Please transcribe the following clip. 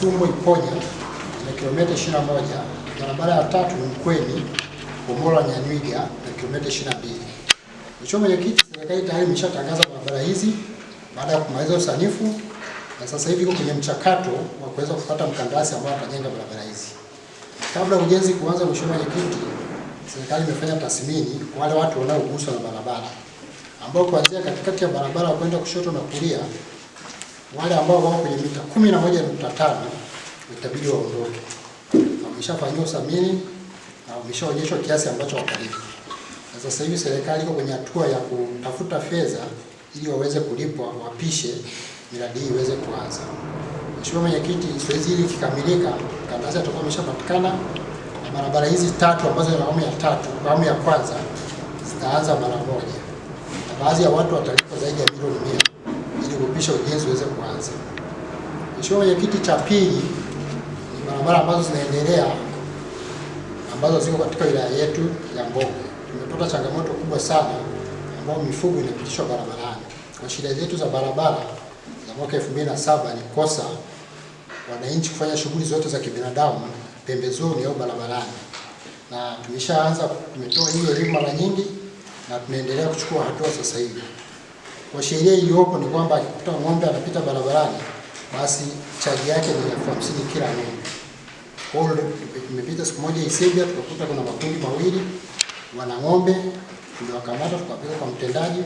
Sumbo Ipoja na kilomita 21, barabara ya tatu Mkweni Homola Nyanywiga na kilomita 22. Mheshimiwa Mwenyekiti, serikali tayari imeshatangaza barabara hizi baada ya kumaliza usanifu na sasa hivi iko kwenye mchakato wa kuweza kupata mkandarasi ambaye atajenga barabara hizi. Kabla ujenzi kuanza, Mheshimiwa Mwenyekiti, serikali imefanya tathmini kwa wale watu wanaoguswa na barabara ambao kuanzia katikati ya barabara kwenda kushoto na kulia wale ambao wako kwenye mita kumi na moja nukta tano itabidi waondoke, na wameshafanyiwa uthamini na wameshaonyeshwa kiasi ambacho watalipa. Na sasa hivi serikali iko kwenye hatua ya kutafuta fedha ili waweze kulipwa, wapishe miradi hii iweze kuanza. Mheshimiwa Mwenyekiti, zoezi hili likikamilika, kandarasi atakuwa ameshapatikana na barabara hizi tatu ambazo ni awamu ya tatu, awamu ya kwanza zitaanza mara moja, na baadhi ya watu watalipa zaidi ya milioni kuhakikisha ujenzi uweze kuanza. Mheshimiwa Mwenyekiti, cha pili ni barabara ambazo zinaendelea ambazo ziko katika wilaya yetu ya Mbogwe. Tumepata changamoto kubwa sana ambayo mifugo inapitishwa barabarani. Kwa shida zetu za barabara za mwaka 2007 ni kosa wananchi kufanya shughuli zote za kibinadamu pembezoni au barabarani, na tumeshaanza tumetoa hiyo elimu mara nyingi na tunaendelea kuchukua hatua sasa hivi. Kwa sheria iliyopo ni kwamba akikuta ng'ombe anapita barabarani, basi chaji yake ni elfu hamsini kila ng'ombe. Kwa hiyo tumepita siku moja Isebia, tukakuta kuna makundi mawili wana ng'ombe, tuliwakamata tukapeleka kwa mtendaji